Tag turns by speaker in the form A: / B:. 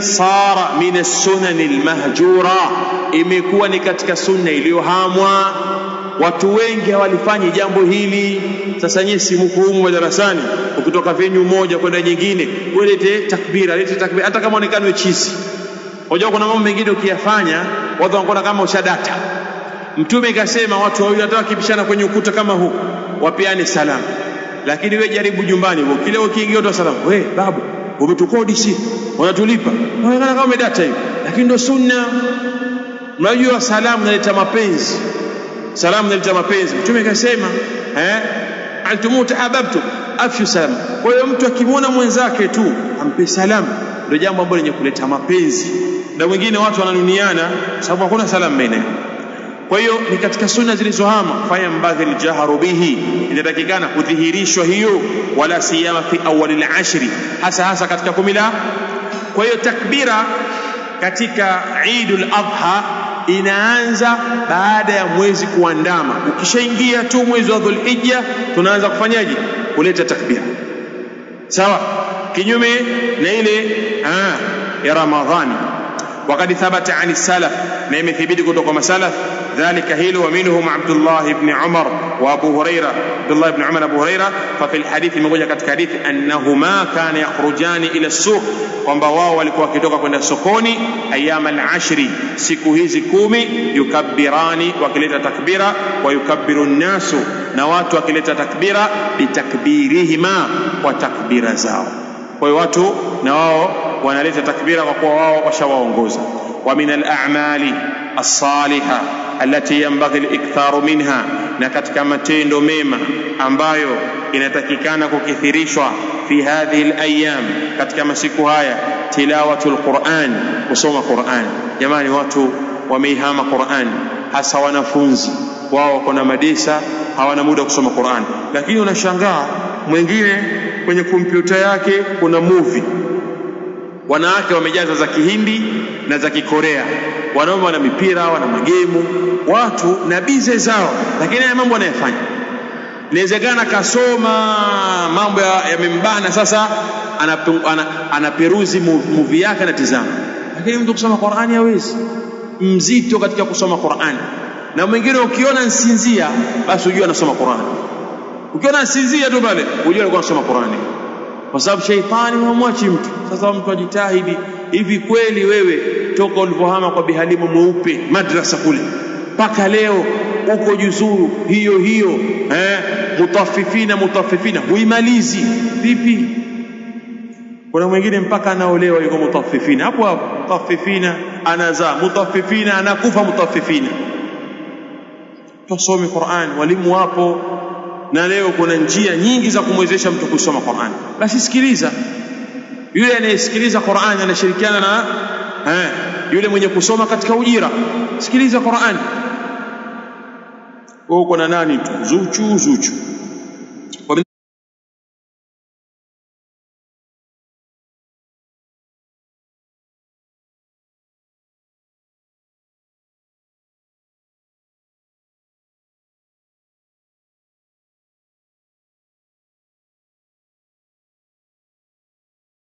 A: sara min as-sunani imekuwa ni katika sunna iliyohamwa. Watu wengi hawalifanyi jambo hili. Sasa nyinyi si mko madarasani, ukitoka venyu moja kwenda nyingine, ulete takbira, lete takbira, hata kama onekane chizi. Unajua kuna mambo mengine ukiyafanya watu wanakuona kama ushadata. Mtume kasema watu wawili hata wakipishana kwenye ukuta kama huu, wapeane salamu, lakini we jaribu nyumbani kile ukiingia utoa salamu, we babu umetukodisha, wanatulipa, unaonekana kama umedata hivi, lakini ndio sunna. Mnajua salamu naleta mapenzi, salamu naleta mapenzi. Mtume kasema eh, antumuta ababtu afshu salam. Kwa hiyo mtu akimwona mwenzake tu ampe salamu, ndio jambo ambalo lenye kuleta mapenzi. Na wengine watu wananuniana sababu hakuna salamu yao kwa hiyo ni katika sunna zilizohama fayambadhi ljaharu bihi, inatakikana kudhihirishwa hiyo, wala siyama fi awali lashri hasa hasa katika kumi la. Kwa hiyo takbira katika Eidul Adha inaanza baada ya mwezi kuandama. Ukishaingia tu mwezi wa Dhulhijja, tunaanza kufanyaje? Kuleta takbira, sawa. Kinyume na ile ya Ramadhani, wakad thabata ani salaf, na imethibiti kutoka masalaf ذلك هيل ومنهم عبد الله بن عمر وابو هريره عبد الله بن عمر ابو هريره ففي الحديث imekuja katika hadithi annahuma kana yakhrujani ila suq kwamba wao walikuwa wakitoka kwenda sokoni ayama alashri siku hizi kumi yukabbirani wakileta takbira wa yukabbiru nnasu na watu wakileta takbira bitakbirihima kwa takbira zao kwa hiyo watu na wao wanaleta takbira kwa kuwa wao washawaongoza wa min al a'mali as-salihah allati yanbaghi liktharu minha, na katika matendo mema ambayo inatakikana kukithirishwa fi hadhihi al-ayyam, katika masiku haya tilawatu al-Qur'an, kusoma Quran. Jamani, watu wameihama Quran, hasa wanafunzi wao wako na madesa, hawana muda wa kusoma Quran. Lakini unashangaa mwingine kwenye kompyuta yake kuna movie Wanawake wamejaza za Kihindi na za Kikorea, wanaume wana mipira, wana magemu, watu na bize zao, lakini haya mambo anayefanya inawezekana kasoma, mambo yamembana, sasa anaperuzi ana, ana muvi yake tizama, lakini mtu kusoma Qur'ani hawezi, mzito katika kusoma Qur'ani. Na mwingine ukiona nsinzia, basi ujue anasoma Qur'ani, ukiona nsinzia tu pale ujue alikuwa anasoma Qur'ani kwa sababu sheitani hamwachi mtu. Sasa mtu ajitahidi hivi, kweli wewe toka ulipohama kwa bihalimu mweupe madrasa kule mpaka leo uko juzuru hiyo hiyo eh, mutafifina mutafifina, huimalizi vipi? Kuna mwingine mpaka anaolewa yuko mutafifina hapo hapo, mutafifina anazaa, mutafifina anakufa, mutafifina. Tusome Qur'an, walimu wapo na leo kuna njia nyingi za kumwezesha mtu kusoma Qur'ani. Basi sikiliza, yule anayesikiliza Qur'ani anashirikiana na eh, yule mwenye kusoma katika ujira. Sikiliza Qur'ani, wewe uko na nani tu, zuchu zuchu